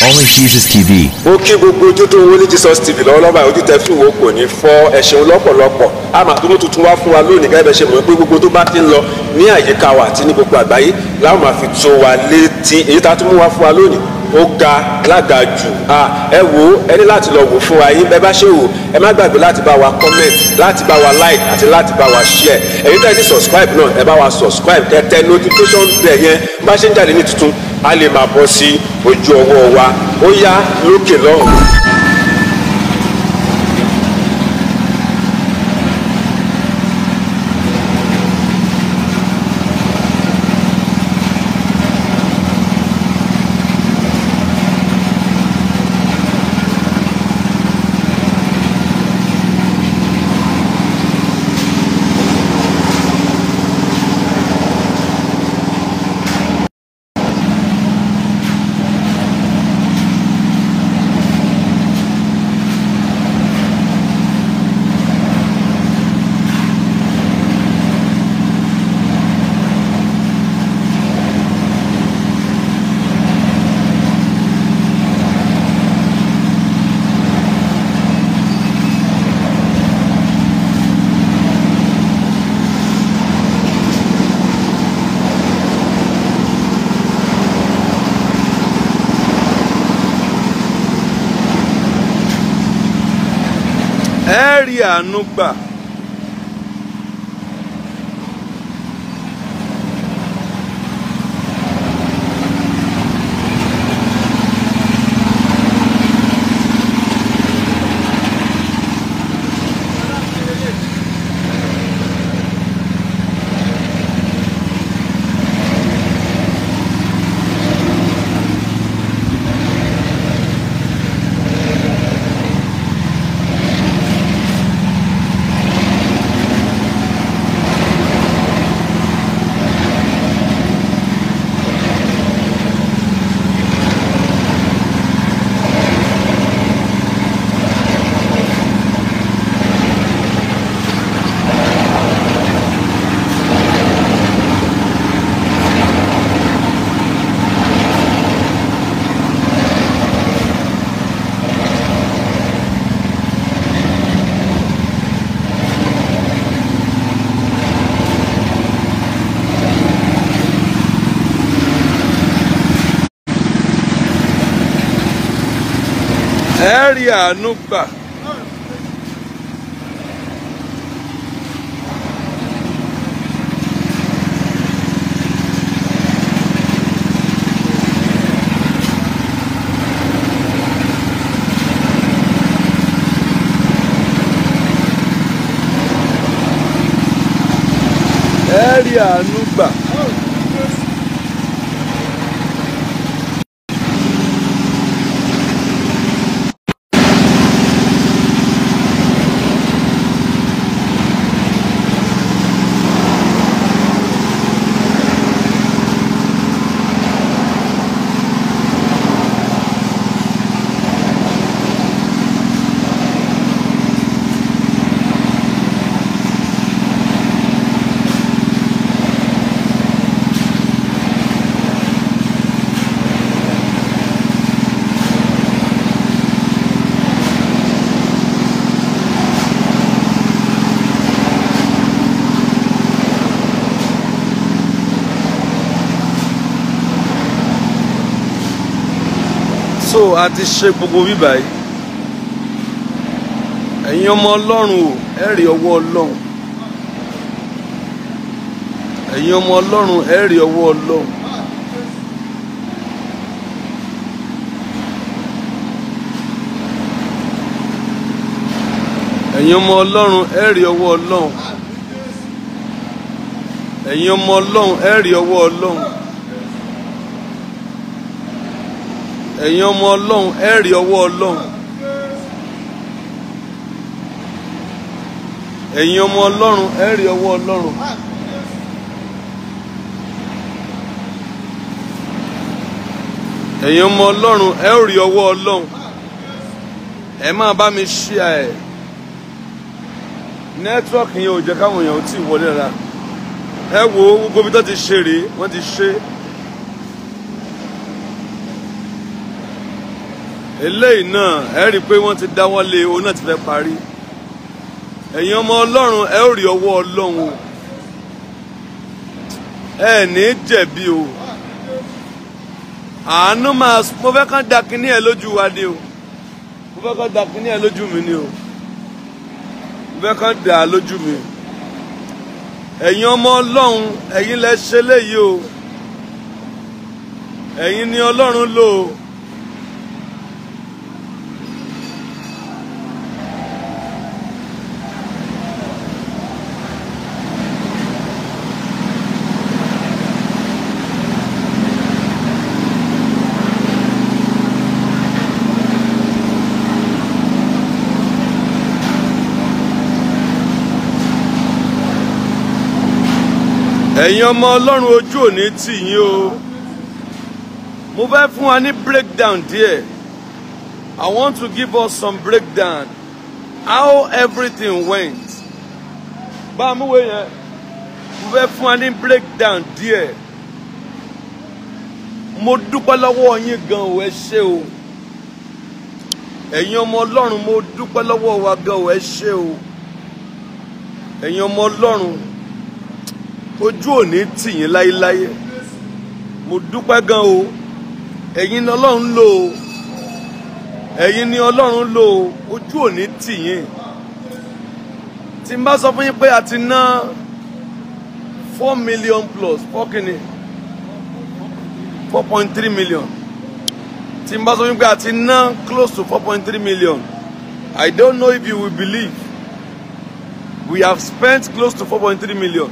Only Jesus TV. mo kí gbogbo ojú tó wọlé Jesus TV lọ́wọ́lọ́wọ́ báyìí ojú tẹ fún wo kò ní fọ́ ẹ̀sìn lọ́pọ̀lọpọ̀ a máa tó mú tuntun wá fún wa lónìí gẹ́gẹ́ bẹ́ẹ̀ ṣe mọ̀ pé gbogbo tó bá ti ń lọ ní àyíká wa àti ní gbogbo àgbáyé láwọn máa fi tó wa létí èyí tá a tún mú wá fún wa lónìí ó ga lága jù a ẹ wò ó ẹ ní láti lọ wò fún wa yín bẹ bá ṣe wò ẹ má gbàgbé láti bá wa comment láti bá wa like àti láti bá wa share ẹ̀yin tẹ́ ẹ ti subscribe náà ẹ bá wa subscribe kẹ́ notification bell yẹn bá ṣe ń jáde ní tuntun a lè máa bọ́ sí ojú ọwọ́ wa ó yá lókè lọ́hùn. rí àánú gbà rí àánú gbà. a ti ṣe gbogbo bíbá yìí ẹ̀yin ọmọ ọlọ́run o ẹ rí ọwọ́ ọlọ́run ẹ̀yin ọmọ ọlọ́run ẹ rí ọwọ́ ọlọ́run. ẹ̀yin ọmọ ọlọ́run ẹ rí ọwọ́ ọlọ́run ẹ̀yin ọmọ ọlọ́run ẹ rí ọwọ́ ọlọ́run. ẹ̀yin ọmọ ọlọ́run ẹ rí ọwọ́ ọlọ́run ẹ̀yin ọmọ ọlọ́run ẹ rí ọwọ́ ọlọ́run. ẹ̀yin ọmọ ọlọ́run ẹ rí ọwọ́ ọlọ́run ẹ máa bá mi ṣíà ẹ̀ nẹ́tíwọ́ọ̀kì yẹn ò jẹ́ káwọn èèyàn ò tí ì wọlé rárá ẹ wo gbogbo bí tó ti ṣe rèé wọ́n ti ṣe é. eléyìí náà ẹ rí i pé wọ́n ti dáwọ́ lé òun náà ti fẹ́ parí ẹ̀yin ọmọ ọlọ́run ẹ ó rí ọwọ́ ọlọ́run o ẹ ní jẹ̀bi o àánú máa mo fẹ́ kán da kinní ẹ lójú wa ni o mo fẹ́ kán da kinní ẹ lójú mi ni o mo fẹ́ kán da lójú mi ẹ̀yin ọmọ ọlọ́run ẹ̀yin lẹ ṣe léyìí o ẹ̀yin ni ọlọ́run lò o. ẹ̀yin ọmọ ọlọ́run ojú òní tì yín o mo fẹ́ fún wa ní breakdown díẹ̀ I want to give us some breakdown how everything went bá a mú wé yẹn mo fẹ́ fún wa ní breakdown díẹ̀ mo dúpẹ́ lọ́wọ́ yín gan o ẹ ṣé o ẹ̀yin ọmọ ọlọ́run mo dúpẹ́ lọ́wọ́ wa gan o ẹ ṣé o ẹ̀yin ọmọ ọlọ́run ojú òní tì yín láéláé mo dúpẹ́ gan o ẹ̀yin ni ọlọ́run lò ó ẹ̀yin ni ọlọ́run lò ó ojú òní tì yín tí n bá sọ fún yín pé a ti ná four million plus four kìíní four point three million tí n bá sọ fún yín pé a ti ná close to four point three million I don't know if you will believe we have spent close to four point three million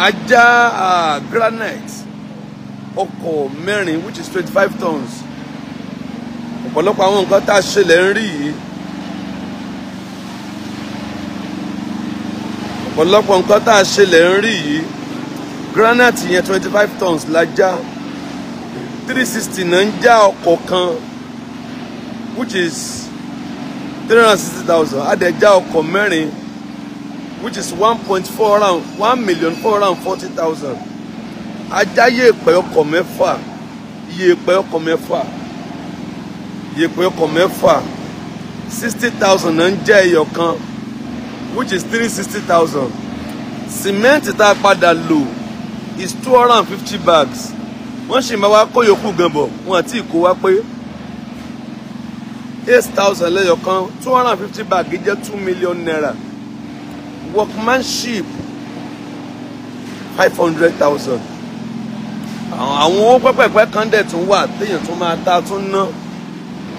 ajá granite ọkọ̀ mẹ́rin which is twenty five tons ọ̀pọ̀lọpọ̀ àwọn nǹkan tá a ṣẹlẹ̀ ń rí yìí ọ̀pọ̀lọpọ̀ nǹkan tá a ṣẹlẹ̀ ń rí yìí granite yẹn twenty five tons la já three sixty náà ń já ọkọ̀ kan which is three hundred and sixty thousand adẹ̀já ọkọ̀ mẹ́rin which is one point four round one million four round forty thousand ajá yèèpẹ̀ ọkọ̀ mẹ́fà yèèpẹ̀ ọkọ̀ mẹ́fà yèèpẹ̀ ọkọ̀ mẹ́fà sixty thousand náà ń jẹ́ ẹyọ kan which is three sixty thousand cement tá a padà lò is two hundred and fifty bags wọ́n sì máa wá kó yòókù gan bọ̀ wọn àti ìkó wá pé eight thousand lẹ́yọ two hundred and fifty bags jẹ́ two million naira workmanship five hundred thousand àwọn owó pẹ́pẹ́pẹ́ kan dẹ̀ tún wà téèyàn tún máa ta tún ná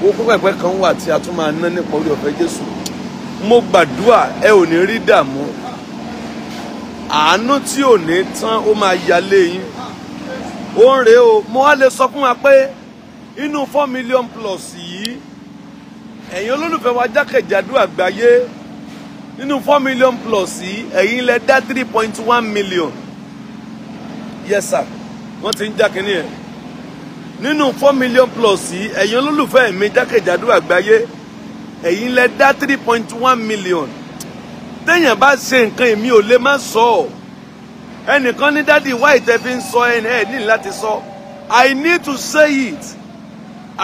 owó pẹ́pẹ́pẹ́ kan wà tí a tún máa ná nípa orí ọ̀fẹ́ Jésù mo gbàdúrà ẹ ò ní rí dààmú àánú tí ò ní tán ó máa yalé yín ó ń rèé o mo wá lè sọ fún wa pé inú four million plus yìí ẹ̀yin olólùfẹ́ wa jákèjádò àgbáyé nínú four million plus yìí ẹ̀yin lẹ dá three point one million yes sir wọ́n ti ń já kínní ẹ̀ nínú four million plus yìí ẹ̀yin olólùfẹ́ mi jákèjádò àgbáyé ẹ̀yin lẹ dá three point one million téèyàn bá ṣe nǹkan èmi ò lè má sọ ọ́ ẹnìkan ní dádì white ẹ fi ń sọ ẹni ẹ ní láti sọ i need to say it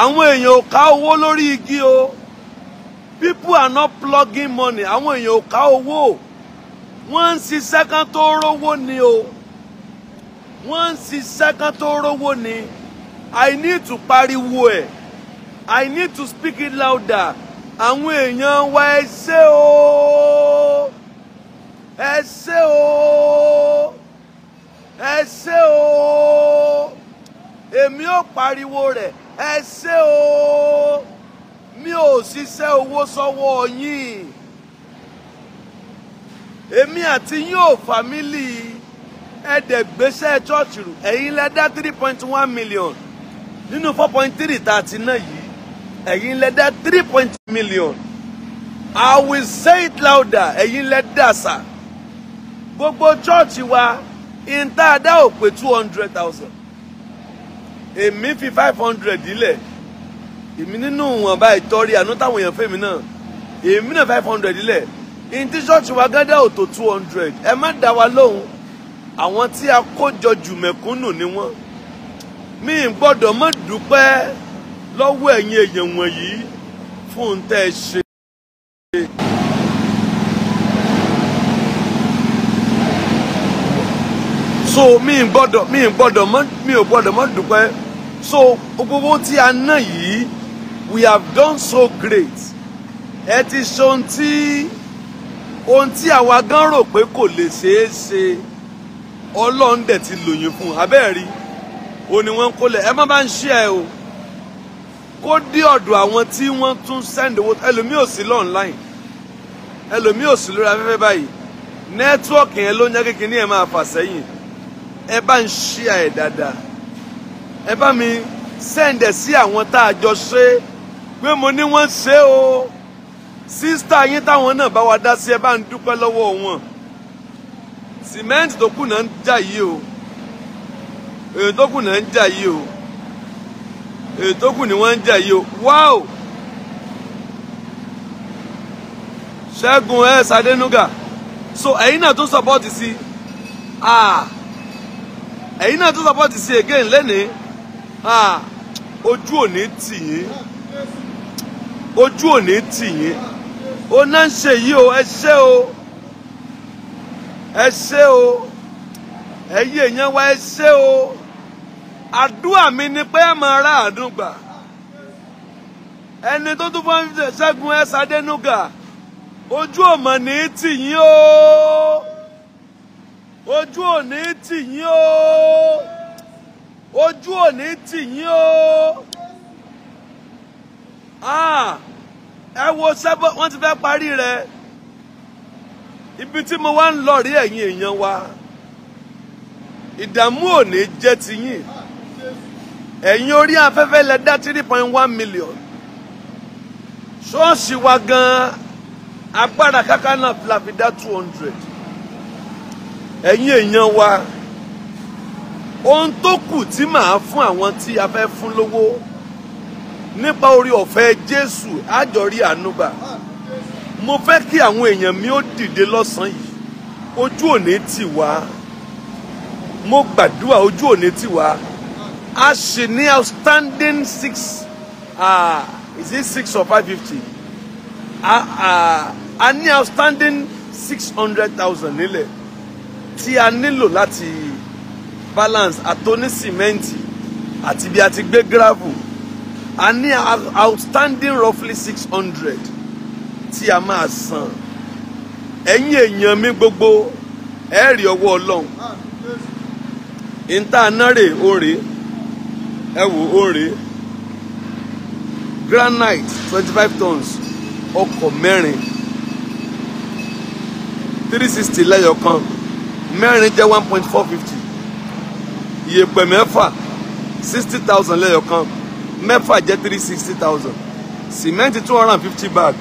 àwọn èèyàn ò ká owó lórí igi o people are not plugging money àwọn èèyàn ò ká owó wọ́n ń ṣiṣẹ́ kan tó rówó ni o wọ́n ń ṣiṣẹ́ kan tó rówó ni i need to pariwo ẹ̀ i need to speak it louder àwọn èèyàn wa ẹ ṣé o ẹ ṣé o ẹ ṣé o èmi ò pariwo rẹ̀ ẹ ṣé o mi ò ṣiṣẹ́ owó sọ́wọ́ yín èmi àti yín ò fámílì ẹ̀ẹ́dẹ̀gbẹ́sẹ̀ chọ́ọ̀chì rù ẹ̀yin lẹ́dá three point one million nínú four point three tá a ti ná yìí ẹ̀yin lẹ́dá three point million I will say it louder ẹ̀yin lẹ́dá sà gbogbo chọ́ọ̀chì wa ìntàdá ò pé two hundred thousand èmi fi five hundred dílẹ̀ èmi nínú wọn bá ìtọ́rí àánú táwọn èèyàn fèmí náà èmi náà five hundred lẹ̀ ní tí ṣọ́ọ̀ṣì wa gádà ò two hundred ẹ má dá wa lóhùn àwọn tí a kó jọ jù mẹ̀kúnnù ni wọ́n mi ì gbọ́dọ̀ mọ́ dúpẹ́ lọ́wọ́ ẹ̀yin èèyàn wọ̀nyí fún tẹ́ ẹ ṣe. so mi ì gbọ́dọ̀ mi ì gbọ́dọ̀ mọ́ mi ò gbọ́dọ̀ mọ́ dúpẹ́ so gbogbo tí a ná yìí we have done so great ẹ ti ṣe ohun tí ohun tí àwa gan rò pé kò lè ṣeé ṣe ọlọ́run dẹ̀ ti lòyìn fún un abẹ́ẹ̀rí o ni wọ́n ń kólẹ̀ ẹ má bá ń ṣe ẹ o kó dé ọ̀dọ̀ àwọn tí wọ́n tún send owó ẹlòmíì ò sí online ẹlòmíì ò sí lórí afẹ́fẹ́ báyìí nẹ́tíwọ̀kì yẹn ló ń jẹ́ kékeré ní ẹ̀ máa fà sẹ́yìn ẹ bá ń ṣe ẹ dáadáa ẹ bá mi sẹ́ǹdẹ̀ sí àwọn tá a jọ ṣe pé mo ní wọ́n ṣe o sísítà yín táwọn náà bá wa dá sí ẹ bá ń dúpẹ́ lọ́wọ́ wọn sìmẹ́ǹtì tó kù náà ń jà yìí o èyí tó kù náà ń jà yìí o èyí tó kù ni wọ́n ń jà yìí o wáò ṣẹ́gun ẹ̀ sàdénúgà so ẹ̀yin náà tó sọ́pọ́ọ̀tì sí ah! ẹ̀yin náà tó sọ́pọ́ọ̀tì sí again lẹ́nìí. ojú ò ní tì yín ojú ò ní tì yín ó náà ń ṣe yí o ẹ ṣé o ẹ ṣé o ẹ yí èèyàn wa ẹ ṣé o àdúrà mi ni pé ẹ máa rà àdúgbà ẹni tó tún fún ṣẹ́gun ẹ ṣàdénúgà ojú ọmọ ní tì yín o ojú ò ní tì yín o. ojú ò ní tì yín o ah, ẹ wo sẹ́bọ̀ wọ́n ti fẹ́ parí rẹ̀ ibi tí mo wá ń lọ rí ẹ̀yin èèyàn wa ìdààmú ò ní jẹ́ ti yín ẹ̀yin orí afẹ́fẹ́ lẹ dá three point one million ṣọ́ọ̀ṣì wa gan-an agbára kákánà la two hundred ẹ̀yin èèyàn wa ohun tó kù tí màá fún àwọn tí a fẹ́ fún lówó nípa orí ọ̀fẹ́ jésù àjọrí ànúbà mo fẹ́ kí àwọn èèyàn mi ó dìde lọ́sàn-án yìí ojú òní tì wá mo gbàdúrà ojú òní tì wá a ṣe ní outstanding six Ah, is it six or five fifty a ní outstanding six hundred thousand nílẹ̀ tí a nílò láti balance àtòní sìmẹ́ǹtì àti bí a ti gbé gravel a ní outstanding roughly six hundred tí a máa san ẹ̀yin èèyàn mi gbogbo ẹ rí ọwọ́ ọlọ́run ìta náírà òrè ẹ wò òrè granite twenty five tons ọkọ̀ mẹ́rin three sixty lẹ́yọ̀kan mẹ́rin jẹ́ one point four fifty yèpẹ̀ mẹ́fà sixty thousand lẹ́yọ̀kan mẹ́fà jẹ́ three sixty thousand sìmẹ́ǹtì two hundred and fifty bag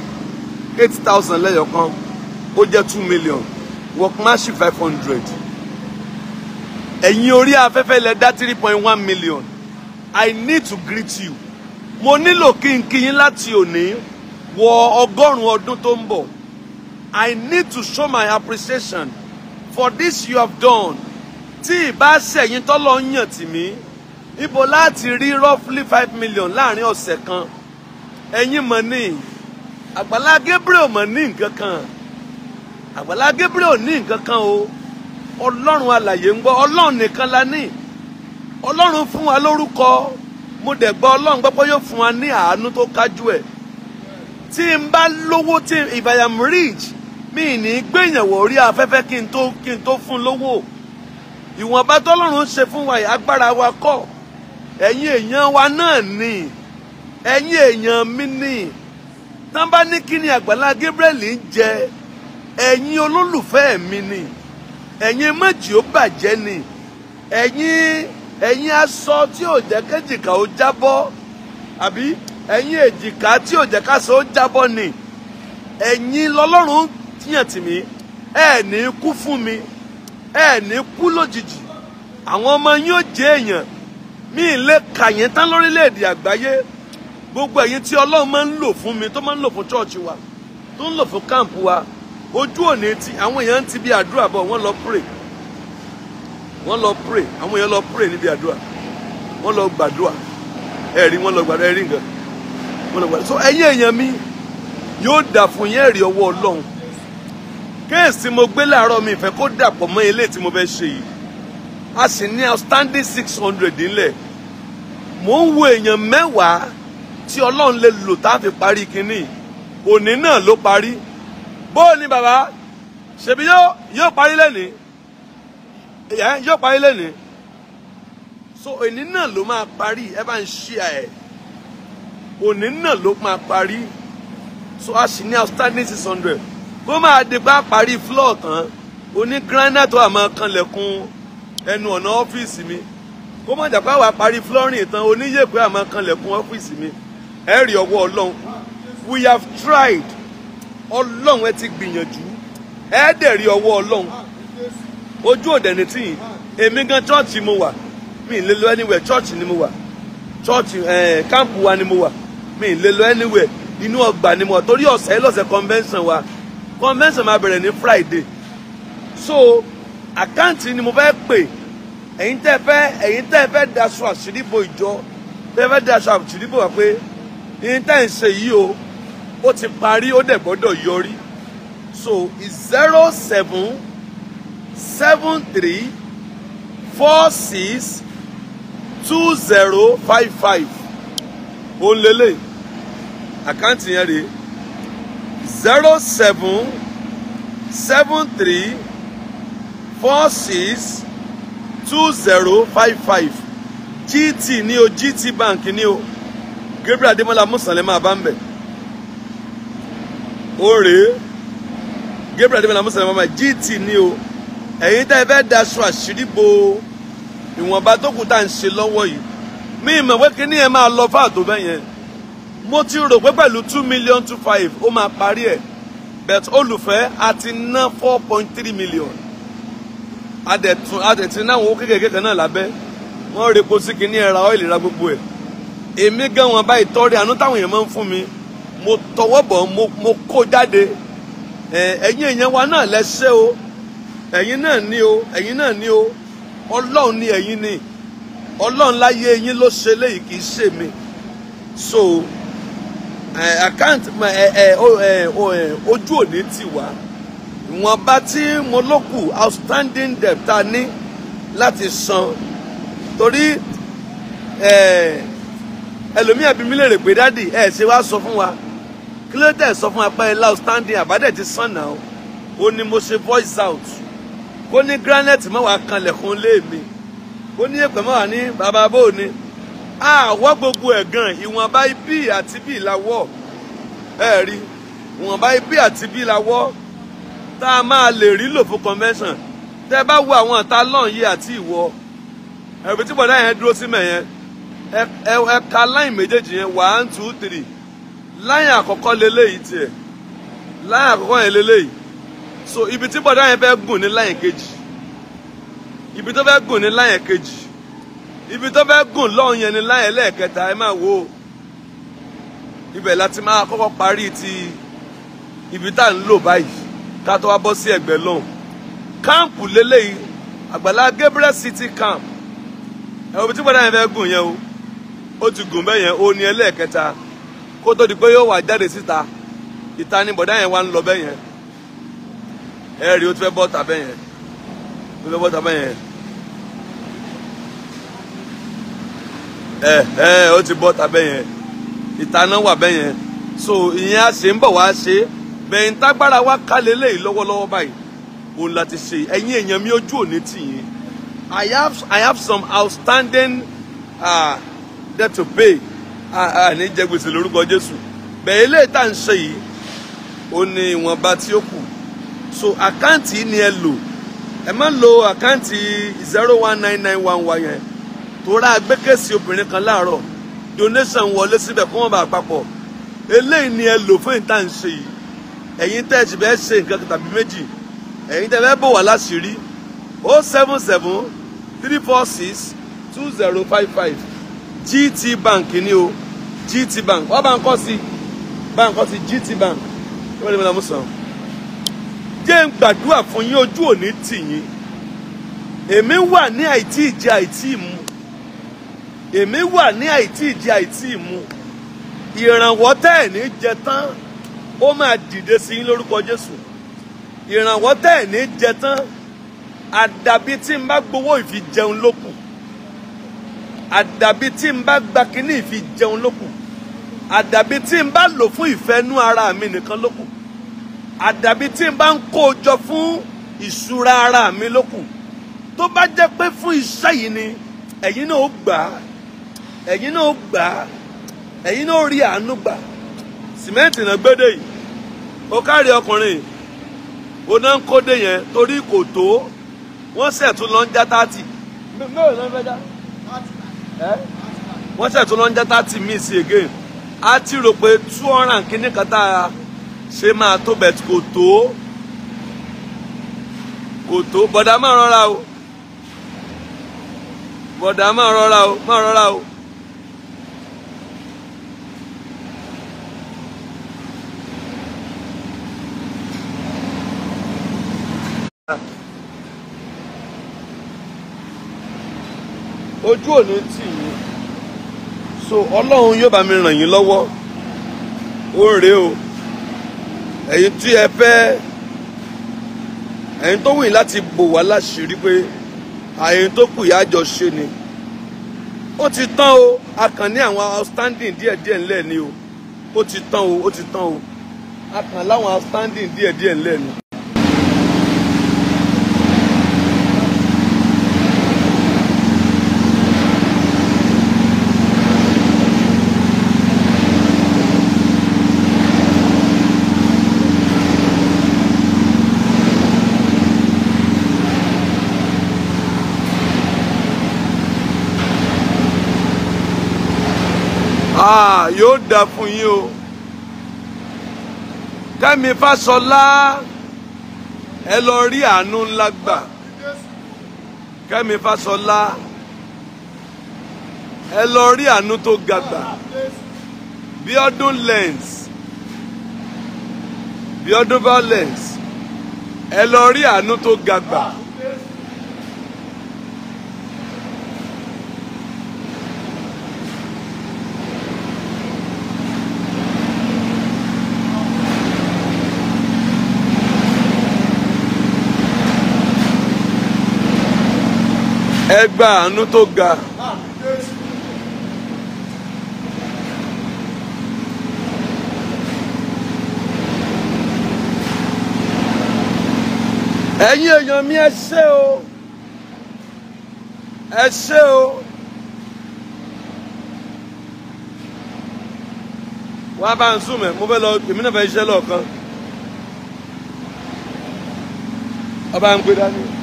eight thousand lẹ́yọ̀kan ó jẹ́ two million workmanship five hundred ẹ̀yin orí afẹ́fẹ́ lẹ dá three point one million I need to greet you mo nílò kí n kí yín láti òní wọ ọgọ́rùn-ún ọdún tó ń bọ̀ I need to show my appreciation for this you have done tí ìbá ṣẹ̀yìn tọ́lọ́ ń yàn tì mí ibo láti rí roughly five million láàrin ọ̀sẹ̀ kan ẹ̀yin mọ̀ ní àgbàlá Gabriel mọ̀ ní nǹkan kan àgbàlá Gabriel ní nǹkan kan o ọlọ́run alàyè ń gbọ́ ọlọ́run nìkan la ní ọlọ́run fún wa lórúkọ mo dẹ̀ gbọ́ ọlọ́run gbọ́ pé yóò fún wa ní àánú tó kájú ẹ̀ tí n bá lówó tí if I am rich mi ní gbéyàwó orí afẹ́fẹ́ kí n tó kí n tó fún lówó ìwọ̀nba tọ́lọ́run ṣe fún wa agbára wa kọ́ ẹ̀yin èèyàn wa náà ni ẹ̀yin èèyàn mi ni tán bá ní kí ni àgbàlá Gabriel ń jẹ ẹ̀yin olólùfẹ́ mi ni ẹ̀yin méjì ó bàjẹ́ ni ẹ̀yin ẹ̀yin aṣọ tí ò jẹ́ kéjìká ó jábọ́ àbí ẹ̀yin èjìká tí ò jẹ́ káṣọ ó jábọ́ ni ẹ̀yin lọ́lọ́run tíyàn tì mí ẹ̀ ní kú fún mi ẹ ní kú lójijì àwọn ọmọ yín ó jẹ èèyàn míì lè kà yẹn tán lórílẹ̀‐èdè àgbáyé gbogbo ẹ̀yin tí ọlọ́run máa ń lò fún mi tó máa ń lò fún chọ́ọ̀chì wa tó ń lò fún káàmpù wa ojú òní ti àwọn èèyàn ti bí àdúrà bọ̀ wọ́n lọ pray wọ́n lọ pray àwọn èèyàn lọ pray níbi àdúrà wọ́n lọ gbàdúrà ẹ̀rí wọ́n lọ gbàdúrà ẹ̀rí nǹkan wọ́n lọ gbàdúrà so ẹ̀yin èèyàn mi yóò dà fún yín ẹ̀rí ọwọ́ ọlọ́run kéèsì mo gbé láàárọ̀ mi ìfẹ́ kó dàpọ̀ mọ́ ilé tí mo fẹ́ ṣe yìí a sì ní outstanding six hundred nílẹ̀ mò ń wo èèyàn mẹ́wàá tí ọlọ́run lè lò tá a fi parí kínní òní náà ló parí bó o ní bàbá ṣèbí yóò parí lẹ́ni yóò parí lẹ́ni so òní náà ló máa parí ẹ bá ń ṣí ẹ òní náà ló máa parí so a sì ní outstanding six hundred bó máa di bá parí floor tán oní granite wà máa kanlẹ̀kùn ẹnu ọ̀nà ọ́fíìsì mi kó má jàpá wà parí flooring tán oníyèpẹ́ àmọ́ kanlẹ̀kùn ọ́fíìsì mi ẹ rí ọwọ́ ọlọ́run we have tried ọlọ́run ẹ ti gbìyànjú ẹ dẹ̀ rí ọwọ́ ọlọ́run ojú òdẹ̀ ní tìyìn èmi gan chọ́ọ̀chì mo wà mi ì lè lọ anywhere chọ́ọ̀chì ni mo wà chọ́ọ̀chì káàmpù wa ni mo wà mi ì lè lọ anywhere inú ọgbà ni mo wà torí ọ̀sẹ̀ lọ́sẹ̀ convention wa convention máa bẹ̀rẹ̀ ní friday so àkáǹtì ni mo fẹ́ pè ẹ̀yin tẹ́ fẹ́ ẹ̀yin tẹ́ fẹ́ daṣọ àṣíríbò ìjọ tẹ́ fẹ́ daṣọ àṣíríbò wá pé ẹ̀yin tẹ́ ń ṣe yìí o ó ti parí ó dẹ̀ gbọ́dọ̀ yọrí so zero seven seven three four six two zero five five ó lélẹ̀ àkáǹtì yẹn rèé zero seven seven three four six two zero five five gt ní o gt bank ní o Gabriel Adémọ́lá Músànlẹ̀ máa bá ń bẹ̀ ó rèé Gabriel Adémọ́lá Músànlẹ̀ máa gt ní o ẹ̀yin tẹ́ ẹ fẹ́ daṣọ àṣírí bo ìwọ̀nba tó kù tá à ń ṣe lọ́wọ́ yìí mí ìmọ̀ pé kí ni ẹ máa lọ fáàtó bẹ́yẹn mo ti rò pé pẹ̀lú two million two five ó máa parí ẹ̀ but olùfẹ́ a ti ná four point three million a dẹ̀ tún a dẹ̀ ti náwọn owó kékeré kan náà lábẹ́ wọ́n repo sí kínní ẹ̀ ra ọ́ìlì ra gbogbo ẹ̀ èmi gan wọn báyìí tọ́rí àánú táwọn èèyàn máa ń fún mi mo tọwọ́ bọ̀ mo mo kó jáde ẹ̀yin èèyàn wa náà lẹ́sẹ̀ o ẹ̀yin náà ni o ẹ̀yin náà ni o ọlọ́run ni ẹ̀yin ni ọlọ́run láyé yín ló ṣe léyìí kì í ṣèmi so account ojú òní ti wá ìwọ̀nba tí mo lókù outstanding debt ta ní láti san torí ẹlòmíà bí mi lè rè pé dádì ẹ ṣe wá sọ fún wa kí ló tẹ̀ sọ fún apá ẹlá outstanding àbádẹ́ ti san náà ó ní mo ṣe voice out kó ní granite mọ́ wàá kanlẹ̀kùn lé mi ó ní èpè mọ́ ní bàbá bóò ni àwọ̀ gbogbo ẹ̀gàn ìwọ̀nba ibi àti bí ìlàwọ̀ ẹ̀ rí ìwọ̀nba ibi àti bí ìlàwọ̀ tá a máa lè rí lò convention tẹ́ bá wo àwọn ìta lọ́ọ̀yẹ àti ìwọ ẹ̀rù tí bọ̀dá yẹn dúró sí mẹ́yẹn ẹ ka line méjèèjì yẹn one two three line àkọ́kọ́ leléyìí tiẹ̀ line àkọ́kọ́ yẹn leléyìí so ibi tí bọ̀dá yẹn fẹ́ gùn ní line kejì ibi tó fẹ́ gùn ní line kejì ibi tó fẹ́ gùn lọ́hùn yẹn ni láyé lẹ́ẹ̀kẹta ẹ máa wo ibẹ̀ láti máa kọ́kọ́ parí ti ibi tá à ń lò báyìí ká tó wá bọ́ sí ẹ̀gbẹ́ lọ́hùn káàmpù lélẹ́yìí àgbàlá Gabriel City camp ẹ̀wọ̀n ibi tí gbọ́dọ̀ yẹn fẹ́ gùn yẹn o ó ti gùn bẹ́ẹ̀ yẹn ó ní ẹlẹ́ẹ̀kẹta kó tó di pé yóò wà jáde síta ìta ni bọ̀dá yẹn wá ń lọ bẹ́ẹ̀ yẹn ẹ̀rí ó ti fẹ́ bọ́ ta bẹ́ẹ̀ yẹn ó ti fẹ́ bọ́ ta bẹ́ẹ̀ yẹn. ẹ eh, ẹ eh, ó ti bọ́ ta bẹ́ẹ̀ yẹn ìtaná wà bẹ́ẹ̀ yẹn so ìyẹn a ṣe ń bọ̀ wá ṣe bẹ́ẹ̀ ń tágbára wá kálẹ̀ lé lọ́wọ́lọ́wọ́ báyìí òun láti ṣe ẹ̀yin èèyàn mi ojú òní tì yín I have I have some outstanding uh, debt to pay àní jẹ gbèsè lórúkọ Jésù bẹ́ẹ̀ ilé ìta ń ṣe yìí ó ní ìwọ̀nba tí ó kù so àkáǹtì ni ẹ lò ẹ má lo àkáǹtì zero one nine nine one one yẹn tó rà gbẹ́kẹ̀sì obìnrin kan láàárọ̀ donation wọlé síbẹ̀ kó wọ́n bá papọ̀ eléyìí ni ẹ lò fún ìta ń ṣe yìí ẹ̀yin tẹ́ ẹ sì bẹ́ẹ̀ ṣe nǹkan tàbí méjì ẹ̀yin tẹ́ fẹ́ bò wá láṣìírí o seven seven three four six two zero five five GT Bank ni o GT Bank wọ́n bá ń kọ́ sí bá kọ́ sí GT Bank wọ́n lè mọ̀ lámú sàn jẹ́ ń gbàdúrà fún yín ojú òní tì yín èmi wà ní àìtí ìjẹ àìtí ìmu èmi wà ní àìtí ìdí àìtí ìmu ìrànwọ́ tẹ́ ẹ̀ ní jẹ tán ó máa dìde sí yín lórúkọ Jésù ìrànwọ́ tẹ́ ẹ̀ ní jẹ tán àdàbí tí n bá gbowó ìfi jẹun lókun àdàbí tí n bá gba kínní ìfi jẹun lókun àdàbí tí n bá lò fún ìfẹ́nú ara mi nìkan lókun àdàbí tí n bá ń kó jọ fún ìṣúra ara mi lókun tó bá jẹ́ pé fún iṣẹ́ yìí ni ẹ̀yin náà gbà á ẹ̀yin náà gbà á ẹ̀yin náà rí àánú gbà sìmẹ́ǹtì náà gbédè yìí ó kárí ọkùnrin ó náà ń kóde yẹn torí kò tó wọ́n ṣẹ̀tún lọ ń já táàtì mẹ́rin náà fẹ́ já wọ́n ṣẹ̀tún lọ ń já táàtì míì sí again a ti rò pé two hundred and kìíní kan tá a ṣe máa tó bẹ̀ kò tó kò tó bọ̀dá máa rọra o bọ̀dá máa rọra o máa rọra o. ojú ò tì yín so ọlọ́run yóò bá mi ràn yín lọ́wọ́ ó rèé o ẹ̀yin tí ẹ fẹ́ ẹ̀yin tó wùyìn láti bò wá láṣìírí pé àyìn tó kù yá jọ ṣe ni ó ti tán o a kàn ní àwọn outstanding díẹ̀díẹ̀ ńlẹ̀ ni o ó ti tán o ó ti tán o a kàn láwọn outstanding díẹ̀díẹ̀ ńlẹ̀ ni. yóò dà fún yín o Kẹ́mi Fásọlá ẹ lọ rí àánú ńlá gbà Kẹ́mi Fásọlá ẹ lọ rí àánú tó gàgbà Bíọ́dún lens Bíọ́dún violence ẹ lọ rí àánú tó gàgbà. ẹ gba àánú tó ga. ẹ̀yin èèyàn mi ẹ ṣé o ẹ ṣé o wàá bá ń sùn mẹ mo fẹ́ lọ èmi náà fẹ́ ṣiṣẹ́ lọ́ọ̀kan ọba ń gbé dání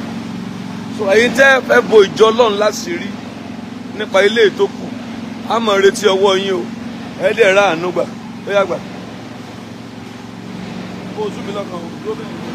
so ẹ̀yin tẹ́ fẹ́ bo ìjọ Ọlọ́run láṣìírí nípa ilé ètò kù á mọ̀ retí ọwọ́ yín o ẹ dẹ̀ ra àánú gbà ó yàgbà. kó o tún mi lọ́kàn o lóbìnrin.